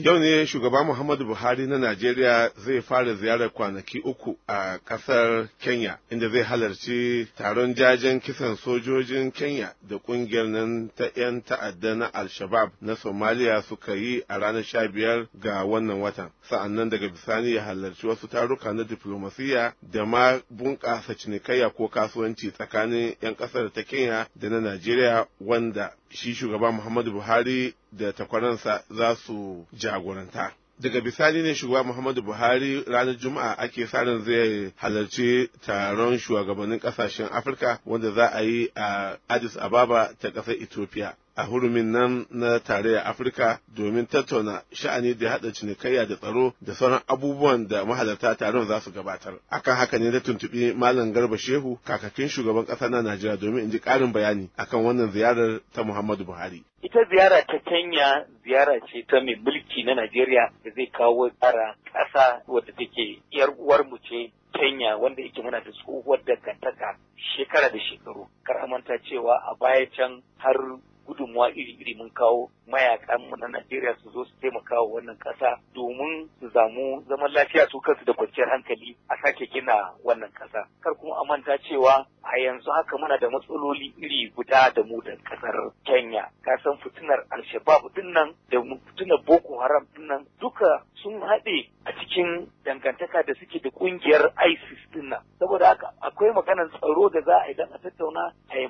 Yau ne shugaba Muhammadu Buhari na Najeriya zai fara ziyarar kwanaki uku a ƙasar Kenya, inda zai halarci taron jajen kisan sojojin Kenya da ƙungiyar nan ta 'yan ta'adda na Al-Shabaab na Somalia suka yi a ranar sha biyar ga wannan watan. Sa'an nan daga bisani ya halarci wasu taruka na diflomasiyya da ma bunƙasa cinikayya ko kasuwanci tsakanin 'yan ƙasar ta Kenya da na Najeriya wanda shi shugaba Muhammadu Buhari da takwaransa za su jagoranta. daga bisani ne shugaba muhammadu buhari ranar juma'a ake sa ran zai halarci taron shugabannin kasashen afirka wanda za a yi a addis ababa ta ƙasar ethiopia a hurumin nan na tarayyar Afirka domin tattauna sha'ani da haɗa cinikayya da tsaro da sauran abubuwan da mahalarta taron za su gabatar. Akan haka ne na tuntuɓi Malam Garba Shehu kakakin shugaban ƙasa na Najeriya domin in ji ƙarin bayani akan wannan ziyarar ta Muhammadu Buhari. Ita ziyara ta Kenya ziyara ce ta mai mulki na Najeriya da zai kawo tsara ƙasa wadda take ‘yar mu ce Kenya wanda yake muna da tsohuwar dangantaka shekara da shekaru. Kar a manta cewa a baya can har gudunmuwa iri-iri mun kawo mayakan mu na Najeriya su zo su taimaka wa wannan ƙasa domin su zamu zaman lafiya su kansu da kwanciyar hankali a sake gina wannan ƙasa. Kar kuma a manta cewa a yanzu haka muna da matsaloli iri guda da mu da ƙasar Kenya. Ka san fitinar Al-Shabaab dinnan da fitinar Boko Haram dinnan duka sun haɗe a cikin dangantaka da suke da ƙungiyar ISIS din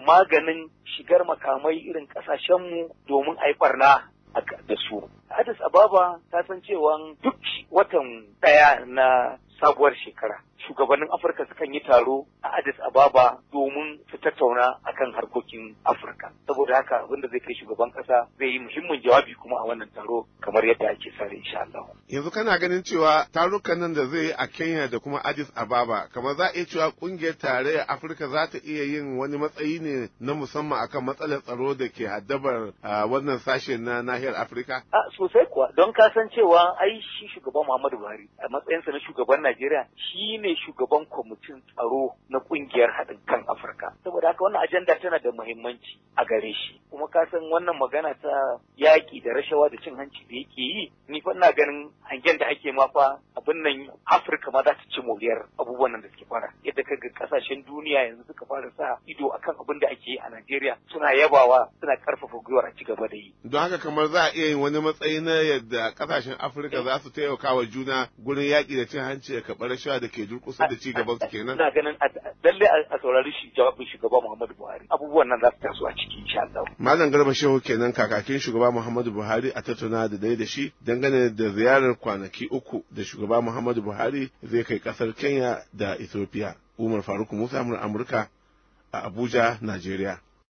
maganin shigar makamai irin kasashenmu domin a yi barna da su. Addis Ababa ta san cewa duk watan ɗaya na sabuwar shekara shugabannin Afirka sukan yi taro a Addis Ababa domin su tattauna akan harkokin Afirka. Saboda haka abin da zai kai shugaban kasa zai yi muhimmin jawabi kuma a wannan taro kamar yadda ake sare insha Allah. Yanzu kana ganin cewa tarukan nan da zai yi a Kenya da kuma Addis Ababa kamar za a iya cewa kungiyar tarayyar Afirka za ta iya yin wani matsayi ne na musamman akan matsalar tsaro da ke haddabar wannan sashe na nahiyar Afirka? A sosai kuwa don kasancewa ai shi shugaban Muhammadu Buhari a matsayinsa na shugaban Najeriya shi ne shine shugaban kwamitin tsaro na kungiyar haɗin kan Afirka. saboda haka wannan ajanda tana da muhimmanci a gare shi kuma ka san wannan magana ta yaƙi da rashawa da cin hanci da yake yi ni fa ina ganin hangen da ake ma fa abin nan Afirka ma za ta ci moriyar abubuwan nan da suke fara yadda ka ga kasashen duniya yanzu suka fara sa ido akan abin da ake yi a Najeriya suna yabawa suna karfafa gwiwar a ci da yi don haka kamar za a iya yin wani matsayi na yadda kasashen Afirka za su taimaka wa juna gurin yaƙi da cin hanci da karɓar rashawa da ke durƙusa da ci su kenan ina ganin lalle a saurari shi jawabin shugaba Muhammadu Buhari abubuwan nan za su taso a ciki insha Allah Malam Garba Shehu kenan kakakin shugaba Muhammadu Buhari a tattauna da dai da shi dangane da ziyarar kwanaki uku da shugaba Muhammadu Buhari zai kai kasar Kenya da Ethiopia Umar Faruk Musa Amurka a Abuja Najeriya